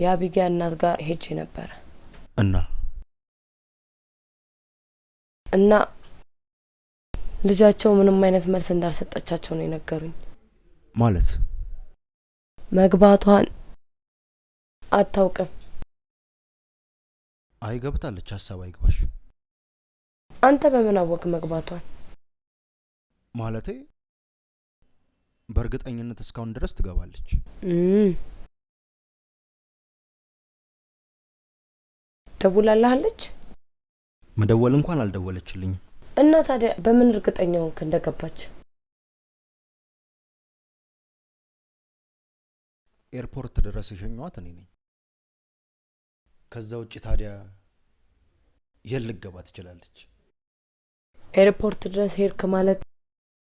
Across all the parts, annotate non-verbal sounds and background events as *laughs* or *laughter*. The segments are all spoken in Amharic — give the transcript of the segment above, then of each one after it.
የአቢጊያ እናት ጋር ሄጄ ነበረ እና እና ልጃቸው ምንም አይነት መልስ እንዳልሰጠቻቸው ነው የነገሩኝ። ማለት መግባቷን አታውቅም። አይ ገብታለች፣ ሀሳብ አይግባሽ። አንተ በምን አወቅ መግባቷን? ማለቴ በእርግጠኝነት እስካሁን ድረስ ትገባለች። ደውላልሃለች? መደወል እንኳን አልደወለችልኝ እና ታዲያ በምን እርግጠኛ ሆንክ እንደገባች? ኤርፖርት ድረስ የሸኘኋት እኔ ነኝ። ከዛ ውጭ ታዲያ የት ትችላለች? ኤርፖርት ድረስ ሄድክ ማለት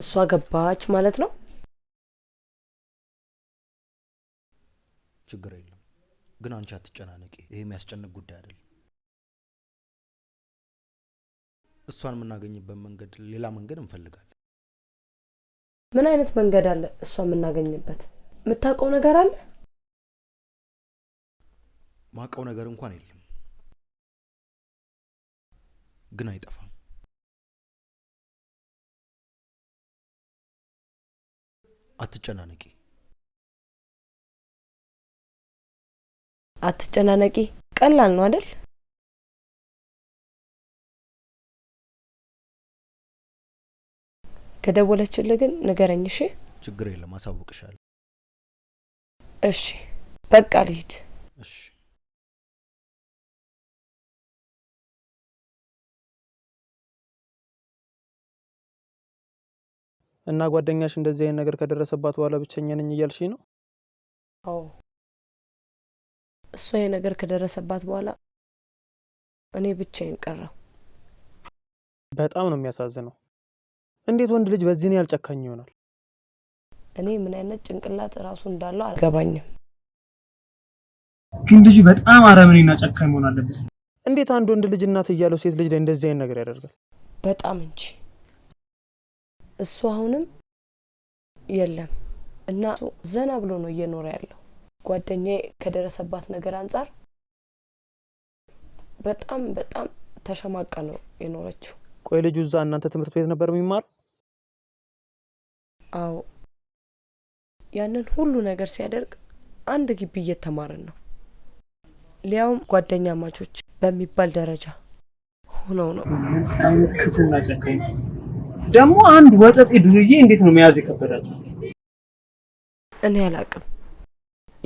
እሷ ገባች ማለት ነው። ችግር የለም ግን አንቺ አትጨናነቂ። ይሄ የሚያስጨንቅ ጉዳይ አይደለም። እሷን የምናገኝበት መንገድ ሌላ መንገድ እንፈልጋለን። ምን አይነት መንገድ አለ እሷ የምናገኝበት? የምታውቀው ነገር አለ? ማውቀው ነገር እንኳን የለም፣ ግን አይጠፋም። አትጨናነቂ አትጨናነቂ። ቀላል ነው አይደል? ከደወለችል ግን ንገረኝ። እሺ፣ ችግር የለም አሳውቅሻል። እሺ፣ በቃ ልሂድ። እሺ እና ጓደኛሽ እንደዚህ አይነት ነገር ከደረሰባት በኋላ ብቸኛ ነኝ እያልሽ ነው? አዎ እሷ ይሄ ነገር ከደረሰባት በኋላ እኔ ብቻዬን ቀረው። በጣም ነው የሚያሳዝነው። እንዴት ወንድ ልጅ በዚህ ያህል ጨካኝ ይሆናል? እኔ ምን አይነት ጭንቅላት እራሱ እንዳለው አልገባኝም። ግን ልጁ በጣም አረመኔና ጨካኝ መሆን አለበት። እንዴት አንድ ወንድ ልጅ እናት እያለው ሴት ልጅ ላይ እንደዚህ አይነት ነገር ያደርጋል? በጣም እንጂ እሱ አሁንም የለም እና ዘና ብሎ ነው እየኖረ ያለው። ጓደኛዬ ከደረሰባት ነገር አንጻር በጣም በጣም ተሸማቀ ነው የኖረችው። ቆይ ልጁ እዛ እናንተ ትምህርት ቤት ነበር የሚማረው? አዎ ያንን ሁሉ ነገር ሲያደርግ አንድ ግቢ እየተማርን ነው ሊያውም ጓደኛ ማቾች በሚባል ደረጃ ሆነው ነው። ክፉና ጨካኝ ደግሞ አንድ ወጠጤ ዱርዬ እንዴት ነው መያዝ የከበዳቸው? እኔ አላቅም።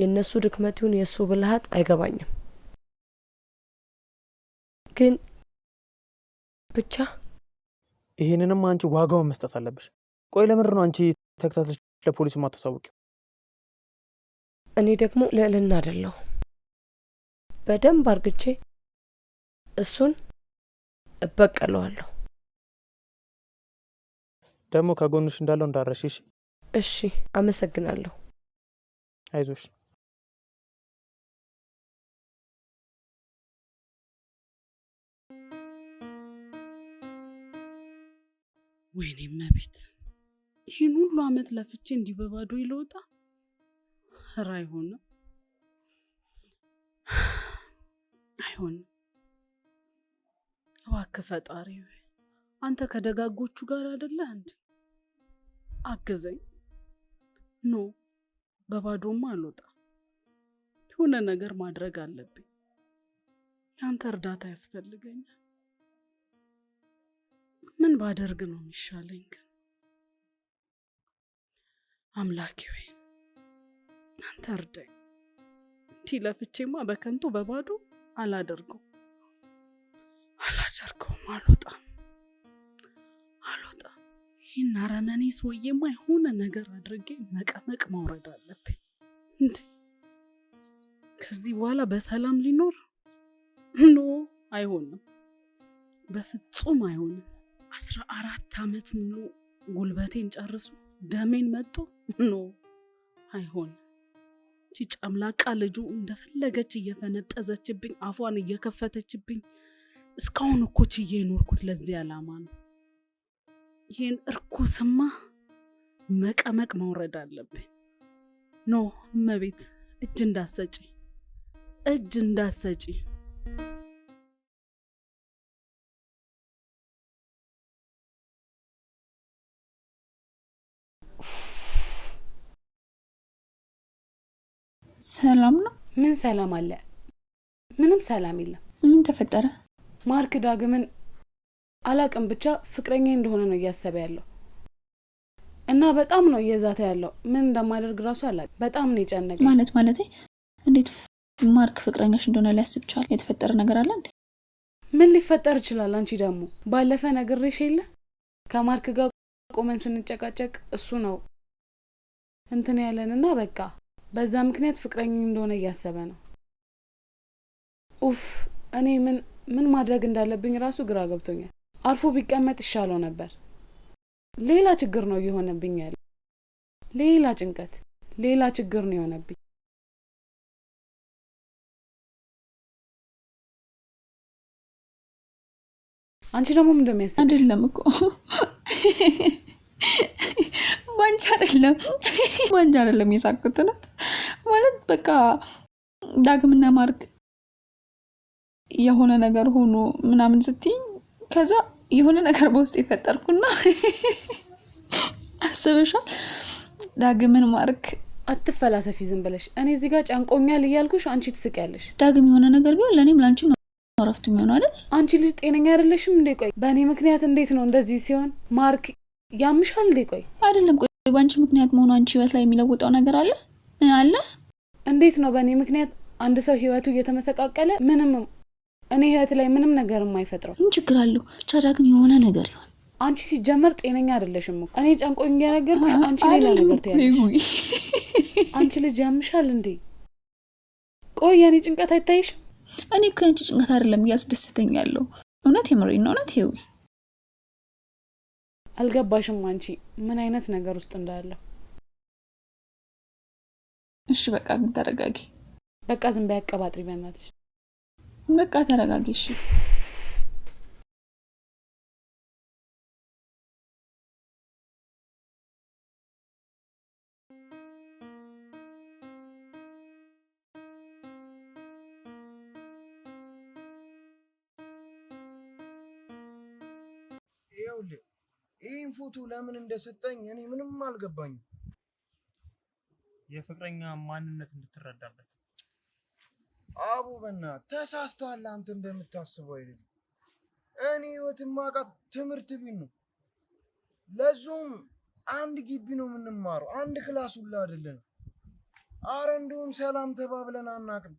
የእነሱ ድክመት ይሁን የእሱ ብልሃት አይገባኝም፣ ግን ብቻ ይሄንንም አንቺ ዋጋውን መስጠት አለብሽ። ቆይ ለምንድን ነው አንቺ ተከታትለሽ ለፖሊስ ማታሳውቂው? እኔ ደግሞ ልዕልና አይደለሁ። በደንብ አርግቼ እሱን እበቀለዋለሁ። ደግሞ ከጎንሽ እንዳለው እንዳረሽ። እሺ፣ እሺ። አመሰግናለሁ። አይዞሽ። ወይኔ መቤት ይህን ሁሉ አመት ለፍቼ እንዲህ በባዶ ይለወጣ ራ አይሆንም፣ አይሆንም። እባክህ ፈጣሪ አንተ ከደጋጎቹ ጋር አይደለ እንዴ? አግዘኝ። ኖ በባዶማ አልወጣ። የሆነ ነገር ማድረግ አለብኝ። የአንተ እርዳታ ያስፈልገኛል። ምን ባደርግ ነው የሚሻለኝ ግን? አምላኪ ወይ አንተ እርዳኝ። እንዲህ ለፍቼማ በከንቱ በባዶ አላደርገው አላደርገውም። አልወጣም አልወጣም። ይህን አረመኔ ሰውዬማ የሆነ ነገር አድርጌ መቀመቅ ማውረድ አለብኝ። እንዴ ከዚህ በኋላ በሰላም ሊኖር ኖ አይሆንም፣ በፍጹም አይሆንም። አስራ አራት አመት ሙሉ ጉልበቴን ጨርሶ ደሜን መጦ ኖ አይሆን። እቺ ጨምላቃ ልጁ እንደፈለገች እየፈነጠዘችብኝ አፏን እየከፈተችብኝ እስካሁን እኮ ችዬ የኖርኩት ለዚህ ዓላማ ነው። ይህን እርኩስማ መቀመቅ ማውረድ አለብኝ። ኖ እመቤት፣ እጅ እንዳሰጪ፣ እጅ እንዳሰጪ ሰላም ነው? ምን ሰላም አለ? ምንም ሰላም የለም። ምን ተፈጠረ? ማርክ ዳግምን አላቅም፣ ብቻ ፍቅረኛ እንደሆነ ነው እያሰበ ያለው እና በጣም ነው እየዛተ ያለው። ምን እንደማደርግ እራሱ አላቅም። በጣም ነው የጨነቀ። ማለት ማለት እንዴት ማርክ ፍቅረኛሽ እንደሆነ ሊያስብ ቻለ? የተፈጠረ ነገር አለ እንዴ? ምን ሊፈጠር ይችላል? አንቺ ደግሞ ባለፈ ነግሬሽ የለ ከማርክ ጋር ቆመን ስንጨቃጨቅ እሱ ነው እንትን ያለን እና በቃ በዛ ምክንያት ፍቅረኝ እንደሆነ እያሰበ ነው። ኡፍ እኔ ምን ምን ማድረግ እንዳለብኝ ራሱ ግራ ገብቶኛል። አርፎ ቢቀመጥ ይሻለው ነበር። ሌላ ችግር ነው እየሆነብኝ ያለ፣ ሌላ ጭንቀት፣ ሌላ ችግር ነው የሆነብኝ። አንቺ ደግሞ ምን እንደሚያስብ አይደለም እኮ ወንጅ አይደለም ወንጅ አይደለም የሳቅኩት ማለት በቃ ዳግምና ማርክ የሆነ ነገር ሆኖ ምናምን ስትይኝ ከዛ የሆነ ነገር በውስጥ የፈጠርኩና አስበሻል። ዳግምን ማርክ አትፈላሰፊ ዝም ብለሽ እኔ እዚህ ጋር ጨንቆኛል እያልኩሽ አንቺ ትስቂያለሽ። ዳግም የሆነ ነገር ቢሆን ለእኔም ለአንቺ ረፍት የሚሆን አይደል? አንቺ ልጅ ጤነኛ አይደለሽም እንዴ? ቆይ በእኔ ምክንያት እንዴት ነው እንደዚህ ሲሆን? ማርክ ያምሻል እንዴ? ቆይ አይደለም ቆይ በአንቺ ምክንያት መሆኑ አንቺ ህይወት ላይ የሚለውጠው ነገር አለ አለ? እንዴት ነው በእኔ ምክንያት አንድ ሰው ህይወቱ እየተመሰቃቀለ ምንም እኔ ህይወት ላይ ምንም ነገር የማይፈጥረው ምን ችግር አለው? ብቻ ዳግም የሆነ ነገር ይሆን። አንቺ ሲጀመር ጤነኛ አይደለሽም እኮ እኔ ጨንቆኝ እያነገር አንቺ ሌላ ነገር ትያለሽ። አንቺ ልጅ ያምሻል እንዴ? ቆይ የኔ ጭንቀት አይታይሽም? እኔ እኮ የአንቺ ጭንቀት አይደለም እያስደስተኛለሁ። እውነት የምሬን ነው። እውነት ይዊ አልገባሽም አንቺ ምን አይነት ነገር ውስጥ እንዳለሁ። እሺ በቃ ግን ተረጋጊ። በቃ ዝም በይ አቀባጥሪ፣ በእናትሽ በቃ ተረጋጊ። እሺ ይህን ፎቶ ለምን እንደሰጠኝ እኔ ምንም አልገባኝም። የፍቅረኛ ማንነት እንድትረዳበት። አቡ በና ተሳስተዋል። አንተ እንደምታስበው አይደለም። እኔ ህይወት ማቃት ትምህርት ቤት ነው። ለዙም አንድ ግቢ ነው የምንማረው፣ አንድ ክላስ ሁላ አይደለንም። አረ እንዲሁም ሰላም ተባብለን አናቅም።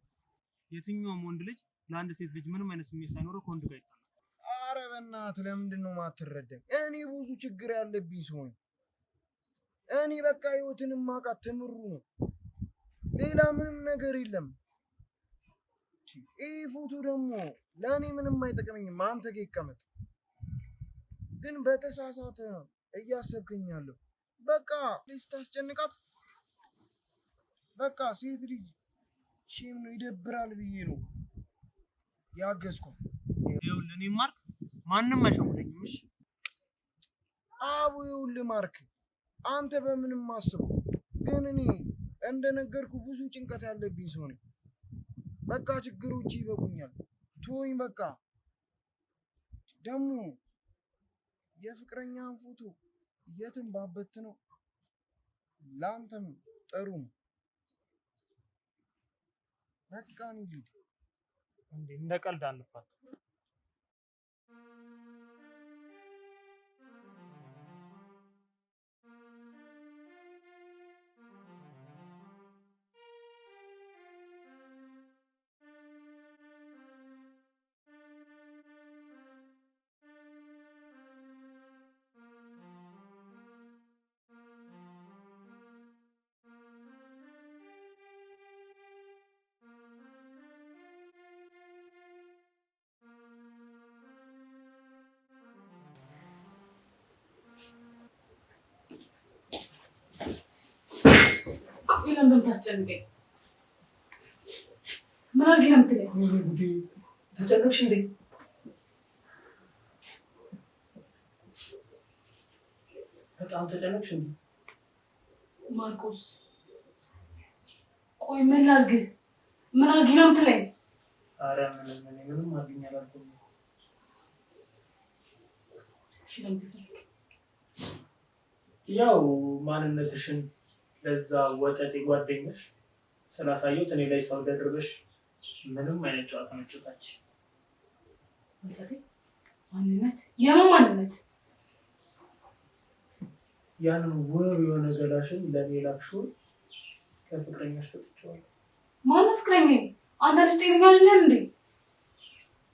የትኛውም ወንድ ልጅ ለአንድ ሴት ልጅ ምንም አይነት ስሜት ሳይኖረው ከወንድ ጋር እናት ለምንድን ነው ማትረዳኝ? እኔ ብዙ ችግር ያለብኝ ሰው ነኝ። እኔ በቃ ህይወትን ማቃት ትምሩ ነው፣ ሌላ ምንም ነገር የለም። ይህ ፎቶ ደግሞ ለእኔ ምንም አይጠቅመኝም። አንተ ጋ ይቀመጥ። ግን በተሳሳተ እያሰብከኛለሁ። በቃ ስታስጨንቃት በቃ ሴት ልጅ ሽም ነው ይደብራል ብዬ ነው ያገዝኩ። ይኸውልህ እኔ ማርክ ማንም አይሸውደኝም። እሺ አቡ፣ ይውል ማርክ፣ አንተ በምንም አስበው፣ ግን እኔ እንደነገርኩ ብዙ ጭንቀት ያለብኝ ሰው ነኝ። በቃ ችግሮች ይበቁኛል። ቶኝ በቃ ደግሞ የፍቅረኛን ፎቶ የትም ባበት ነው። ለአንተም ጥሩ ነው። በቃ እንደ ቀልድ አንፋት። ለምን ታስጨንቀኝ? ምን አድርጌ ነው የምትለኝ? ተጨነቅሽ እንዴ? በጣም ተጨነቅሽ እንዴ? ማርቆስ ቆይ ምን ላድርግ? ምን አድርጌ ነው የምትለኝ? ኧረ ምንም ምንም አድርጌ አላልኩም። ያው ማንነትሽን ለዛ ወጠጤ ጓደኛሽ ስላሳየሁት እኔ ላይ ሰው ደርበሽ ምንም አይነት ጨዋታ መጫወታችን ማንነት የምን ማንነት ያንን ውብ የሆነ ገላሽን ለእኔ ላክሽውን ከፍቅረኛሽ ሰጥቼዋለሁ። ማነው ፍቅረኛ? አንተ ልጅ ጤነኛ አይደለም እንዴ?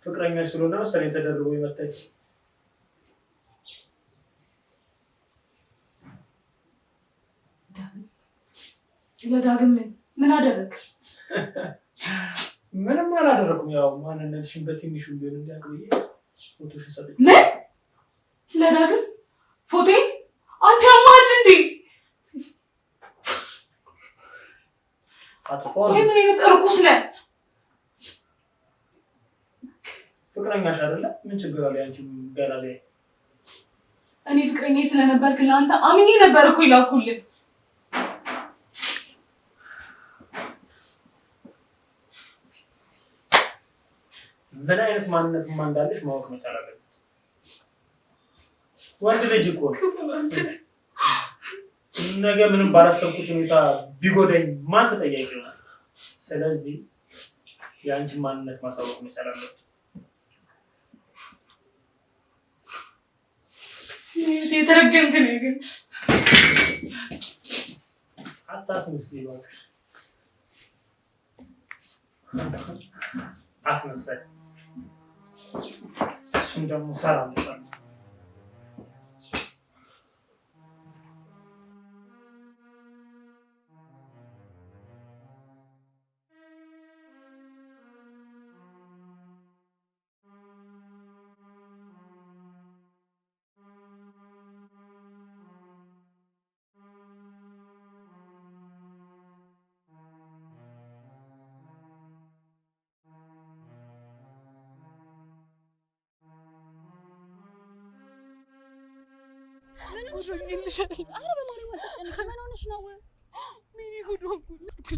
ፍቅረኛ ስለሆነ መሰለኝ ተደርቦ የመታች ለዳግም ምን አደረግ? *laughs* ምንም አላደረኩም። ያው ማንነትሽን በትንሹ ቢሆን እንዲያውቅ ብዬ ፎቶሽን ሰጠችኝ። ምን ለዳግም ፎቴ? አንተ ያማል እንዴ? ወይ ምን አይነት እርኩስ ነህ? ፍቅረኛሽ አይደለ? ምን ችግር አለ? አንቺ ገላ ላይ እኔ ፍቅረኛ ስለነበርክ ለአንተ አምኜ ነበር እኮ ይላኩልን ምን አይነት ማንነት እንዳለሽ ማወቅ መቻል አለብሽ። ወንድ ልጅ እኮ ነገ ምንም ባላሰብኩት ሁኔታ ቢጎዳኝ ማን ተጠያቂ ይሆናል? ስለዚህ የአንቺን ማንነት ማሳወቅ መቻል አለብሽ። የተረገምክ ነው ግን 순정사 람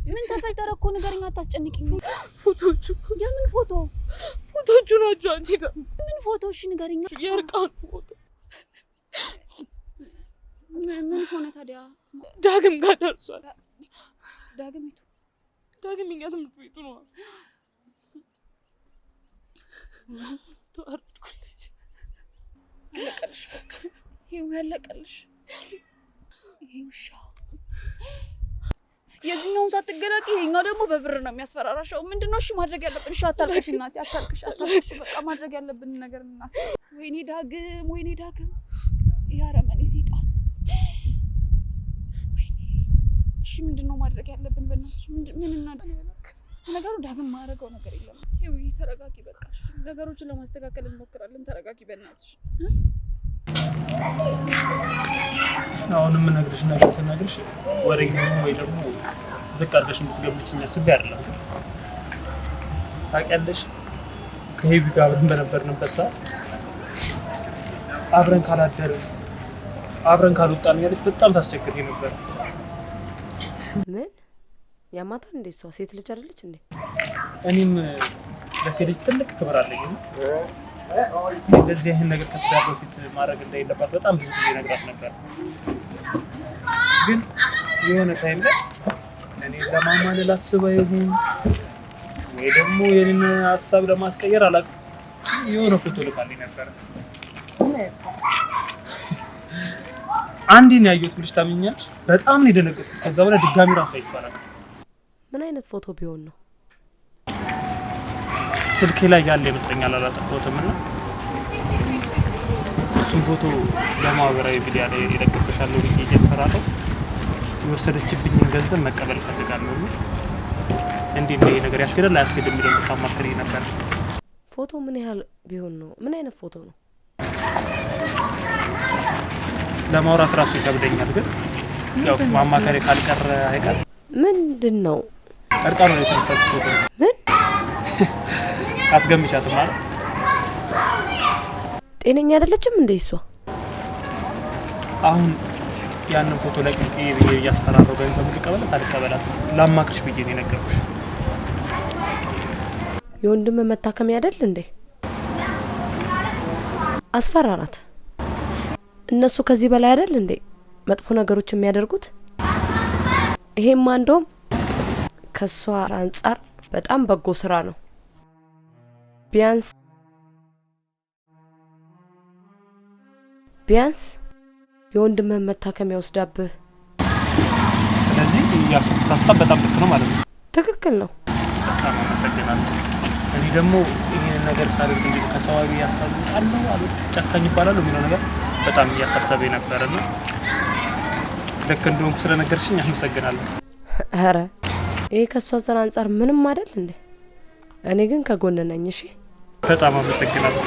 ምን ተፈጠረ እኮ ንገረኝ። አታስጨንቅኝ። ፎቶቹ የምን ፎቶ? ፎቶቹ ናቸው። አንቺ ደግሞ ምን ፎቶ? እሺ ንገረኝ። የእርቃኑ ፎቶ። ምን ሆነ ታዲያ? ዳግም ጋር ደርሷል። ዳግም የቱ? ዳግም እኛ ትምህርት ቤቱ ነው። ተዋረድኩልሽ። ልቀልሽ በቃ ይሄው ያለቀልሽ። ይሄ ውሻ የዚህኛውን ሳትገላቂ ይሄኛው ደግሞ በብር ነው የሚያስፈራራሻው። ምንድነው? እሺ ማድረግ ያለብን እሺ፣ አታልቅሽ እናቴ፣ አታልቅሽ፣ አታልቅሽ። በቃ ማድረግ ያለብን ነገር እናስብ። ወይኔ ዳግም፣ ወይኔ ዳግም፣ ይሄ አረመኔ ሴጣን። እሺ፣ ምንድነው ማድረግ ያለብን? በእናትሽ ምን እናድርግ? ነገሩ ዳግም ማድረገው ነገር የለም። ይሄ ተረጋጊ፣ በቃ ነገሮችን ለማስተካከል እንሞክራለን። ተረጋጊ በእናትሽ አሁን የምነግርሽ ነገር ስነግርሽ ወሬኛ ወይ ደግሞ ዝቅ አድርገሽ የምትገብችኝ አስቤ አይደለም። ታውቂያለሽ ከሄቢ ጋር አብረን በነበርንበት ሰዓት አብረን ካላደር አብረን ካልወጣን ያለች በጣም ታስቸግር ነበር። ምን ያማታ እንዴ? እሷ ሴት ልጅ አይደለች እንዴ? እኔም ለሴት ልጅ ትልቅ ክብር አለኝ። እንደዚህ ይህን ነገር ከትዳር በፊት ማድረግ እንደሌለባት በጣም ብዙ ጊዜ ነግራት ነበር። ግን የሆነ ታይም ላይ እኔ ለማማን ላስባ ይሁን ወይ ደግሞ የኔን ሀሳብ ለማስቀየር አላውቅም፣ የሆነ ፎቶ ልካልኝ ነበር። አንዴን ያየሁት ብልሽ ታምኛል። በጣም ነው የደነገጥኩት። ከዛ በኋላ ድጋሚ ራሱ አይቼው አላውቅም። ምን አይነት ፎቶ ቢሆን ነው? ስልክ ላይ ያለ ይመስለኛል አላጠፋሁትም እና እሱም ፎቶ ለማህበራዊ ሚዲያ ላይ ይለቅብሻለሁ ብዬ እያሰራለሁ የወሰደችብኝን ገንዘብ መቀበል እፈልጋለሁ። እንዲህ እንደ ነገር ያስገድል አያስገድም የሚለው ታማክሪ ነበር። ፎቶ ምን ያህል ቢሆን ነው? ምን አይነት ፎቶ ነው? ለማውራት ራሱ ይከብደኛል፣ ግን ያው ማማከሪ ካልቀረ አይቀር ምንድን ነው እርቃኑ ነው የተነሳች ፎቶ ምን አትገምቻትም ማለት ጤነኛ አይደለችም እንደ ይሷ አሁን ያንን ፎቶ ለቅቄ ብዬ እያስፈራረው ገንዘቡ ልቀበላት አልቀበላት ላማክርሽ ብዬ ነው የነገርኩሽ። የወንድም መታከሚያ አይደል እንዴ? አስፈራራት። እነሱ ከዚህ በላይ አይደል እንዴ መጥፎ ነገሮች የሚያደርጉት? ይሄማ እንደውም ከእሷ አንጻር በጣም በጎ ስራ ነው። ቢያንስ ቢያንስ የወንድምህን መታከሚያ ወስዳብህ። ስለዚህ ያሰብኩት ሀሳብ በጣም ልክ ነው ማለት ነው። ትክክል ነው። በጣም አመሰግናለሁ። እኔ ደግሞ ይህንን ነገር ሳደርግ እንግዲህ ከሰዋዊ ያሳሉ አለ አሉ ጨካኝ ይባላሉ የሚለው ነገር በጣም እያሳሰበ ነበረ ና ልክ እንደሆንኩ ስለነገርሽኝ አመሰግናለሁ። ኧረ ይህ ከእሷ ዘር አንጻር ምንም አይደል እንዴ? እኔ ግን ከጎን ነኝ። እሺ በጣም አመሰግናለሁ።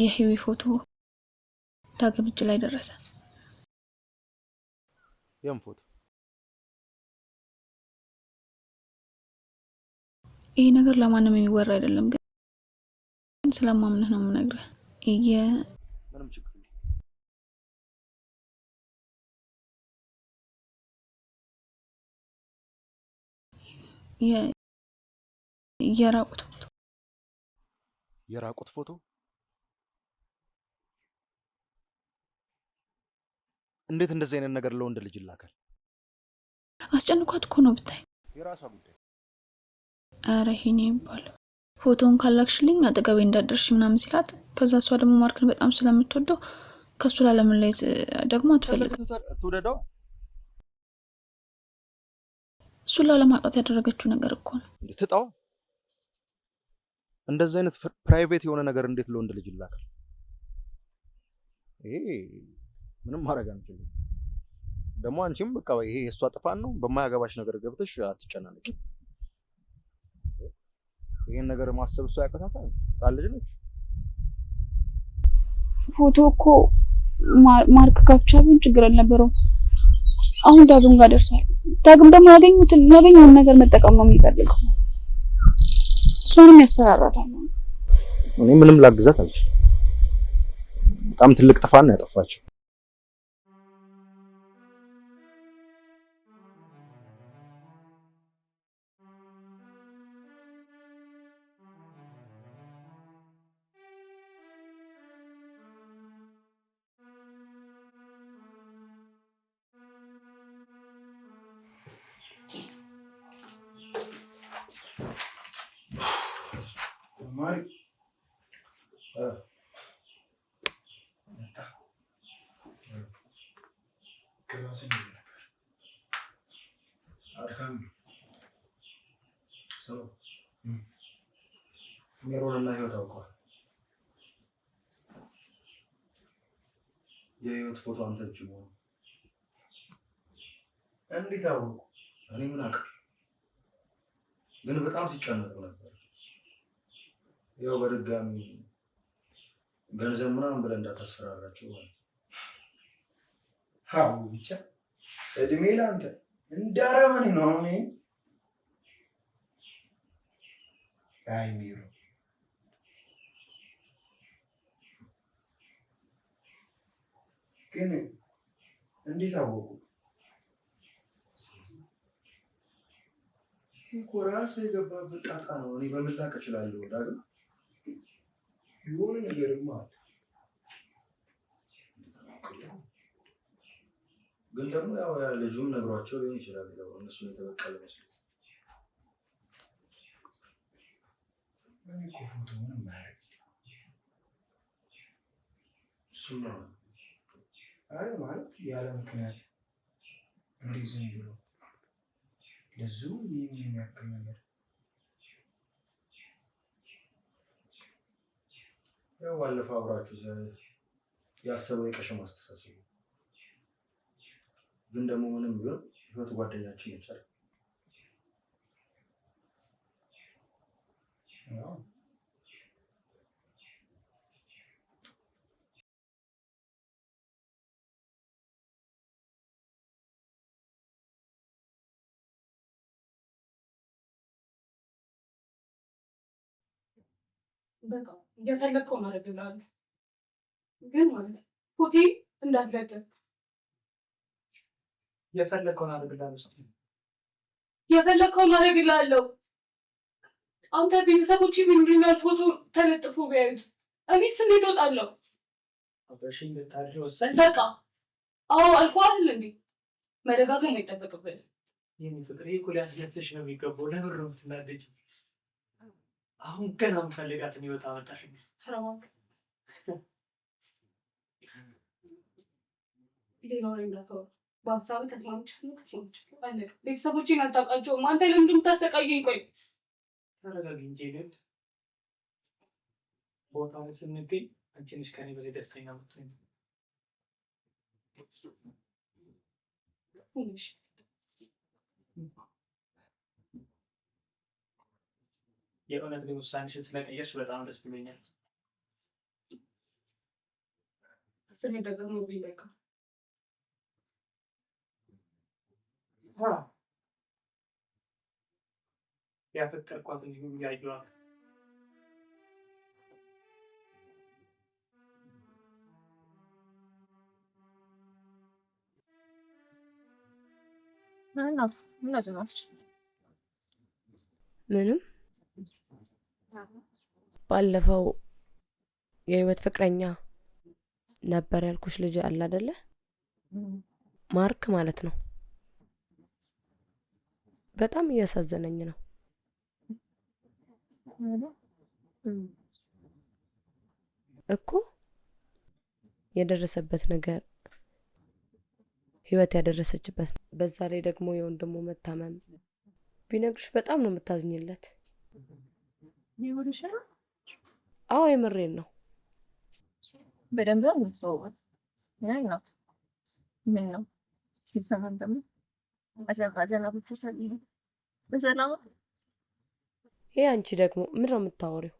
የህዊ ፎቶ ዳግም እጅ ላይ ደረሰ። የም ፎቶ ይሄ ነገር ለማንም የሚወራ አይደለም፣ ግን ስለማምንህ ነው የምነግርህ። የራቁት ፎቶ የራቁት ፎቶ እንዴት እንደዚህ አይነት ነገር ለወንድ ልጅ ይላካል? አስጨንኳት እኮ ነው ብታይ። የራሷ ጉዳይ። አረ ሄኔ ይባል ፎቶውን ካላክሽልኝ አጠገቤ እንዳደርሽ ምናምን ሲላት፣ ከዛ እሷ ደግሞ ማርክን በጣም ስለምትወደው ከእሱ ላለመለየት ደግሞ አትፈልግም። ትውደደው እሱን ላለማጣት ያደረገችው ነገር እኮ ነው። ትጣው እንደዚህ አይነት ፕራይቬት የሆነ ነገር እንዴት ለወንድ ልጅ ይላካል? ይሄ ምንም ማድረግ አንችልም። ደግሞ አንቺም በቃ ይሄ የእሷ ጥፋት ነው። በማያገባሽ ነገር ገብተሽ አትጨናነቂ። ይህን ነገር ማሰብ እሷ ያቀታታል። ህፃን ልጅ ነች። ፎቶ እኮ ማርክ ካፕቻ ቢሆን ችግር አልነበረውም። አሁን ዳግም ጋር ደርሷል። ዳግም ደግሞ ያገኙትን ያገኘውን ነገር መጠቀም ነው የሚፈልገው። እሷንም ያስፈራራታል። እኔ ምንም ላግዛት አልችልም። በጣም ትልቅ ጥፋት ነው ያጠፋችው። Mari. ሜሮንና ህይወት አውቀዋል። የህይወት ፎቶ አንተ እጅ መሆኑ እንዴት አወቁ? እኔ ምን አውቃለሁ፣ ግን በጣም ሲጨነቁ ነበር ያው በድጋሚ ገንዘብ ምናምን ብለህ እንዳታስፈራራቸው ማለት ነው። ብቻ እድሜ ለአንተ እንዳረመን ነው። አሁን አይ ሚሩ ግን እንዴት አወቁ? ይህ እኮ ራስህ የገባበት ጣጣ ነው። እኔ በምን ላቅ እችላለሁ ዳግም የሆነ ነገርማ አለ። ግን ደግሞ ያው ልጁም ነግሯቸው ሊሆን ይችላል። እነሱ የተበቀለ መስሎት ፎቶ ምንም አያደርግ አይ ማለት ያለ ምክንያት እንዲህ ዝም ብሎ ብዙ የሚያገኝ ነገር ያው ባለፈው አብራችሁ ያሰበው የቀሸም አስተሳሰብ ግን ደግሞ ምንም ቢሆን ህይወት ጓደኛችን ይቻላል። በቃ እየፈለግከው ማድረግ ብለሃል። ግን ማለት ሆቴል እንዳትለጥፍ የፈለግከውን አደርግልሃለሁ። እስኪ የፈለግከውን አደርግልሃለሁ። አንተ ቤተሰቦች ምንድናል ፎቶ ተለጥፎ ቢያዩት እኔ ስሜት እወጣለሁ። በቃ አዎ፣ አልኮል እንዴ መደጋገም አይጠበቅብን። ይህ እኮ ነው የሚገባው። ነው የምትናደጂው አሁን ገና የምፈልጋት የሚወጣ መጣሽ። በሀሳብ ተስማምቼ ቤተሰቦቼን አታውቃቸውም። አንተ ለምንድን የምታሰቃየኝ? ቆይ ተረጋጊ እንጂ ልብ ቦታውን ስንገኝ አንቺ ነሽ ከኔ በላይ ደስተኛ ምትሆኝ። የእውነት ግን ውሳኔሽን ስለቀየርሽ በጣም ደስ ብሎኛል። አስር ደጋግሞ ቢለካ ያፈቀርኳት እንዲሁም ያየዋት ምንም ባለፈው የህይወት ፍቅረኛ ነበር ያልኩሽ ልጅ አለ አይደለ? ማርክ ማለት ነው። በጣም እያሳዘነኝ ነው። እኮ የደረሰበት ነገር ህይወት ያደረሰችበት ነው። በዛ ላይ ደግሞ የወንድሙ መታመም ቢነግርሽ በጣም ነው የምታዝኝለት። አዎ የምሬን ነው። በደንብ ነው የምትተዋወቁት። ምን ነው ሲሰማን ደግሞ ይሄ አንቺ ደግሞ ነው የምታወሪው?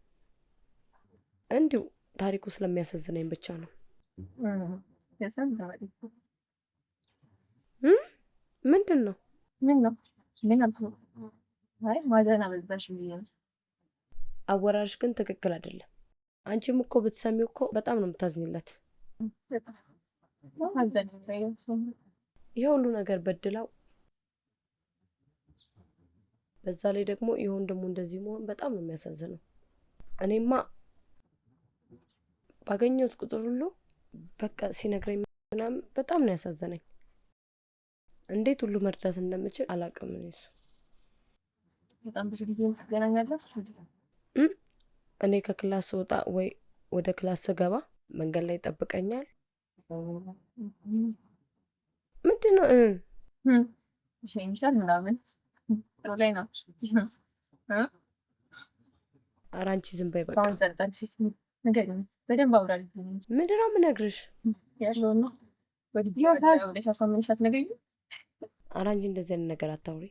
እንዲሁ ታሪኩ ስለሚያሳዝነኝ ብቻ ነው። ምንድን ነው ምን ነው ምን አይ ማዘና በዛሽ ብዬ ነው አወራርሽ ግን ትክክል አይደለም። አንቺም እኮ ብትሰሚው እኮ በጣም ነው የምታዝኝለት። ይሄ ሁሉ ነገር በድላው፣ በዛ ላይ ደግሞ የወንድሙ እንደዚህ መሆን በጣም ነው የሚያሳዝነው። እኔማ ባገኘሁት ቁጥር ሁሉ በቃ ሲነግረኝ ምናምን በጣም ነው ያሳዘነኝ። እንዴት ሁሉ መርዳት እንደምችል አላውቅም። እኔ እሱ በጣም ብዙ ጊዜ ትገናኛለች እኔ ከክላስ ወጣ ወይ ወደ ክላስ ስገባ መንገድ ላይ ይጠብቀኛል። ምንድን ነው ይሸኝሻል፣ ምናምን ጥሩ ኧረ አንቺ ዝም በይ በቃ። ምንድን ነው የምነግርሽ ኧረ አንቺ እንደዚህ ነገር አታውሪ።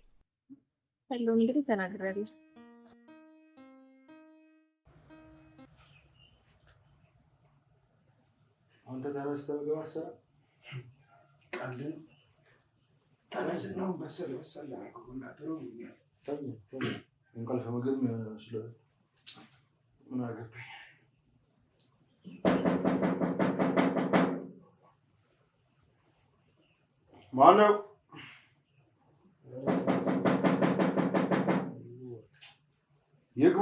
ያለውን እንግዲህ አንተ ተራስተ ምግብ አሰራ ቀልን ተራስት ነው መሰል መሰል እና ጥሩ እንቅልፍ ምግብ ሚሆን ስለ ምን አገባኝ። ማነው ይግቡ